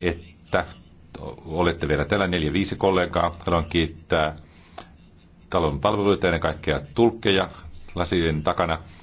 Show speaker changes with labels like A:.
A: että olette vielä täällä neljä viisi kollegaa. Haluan kiittää talon palveluita ennen kaikkea tulkkeja lasien takana.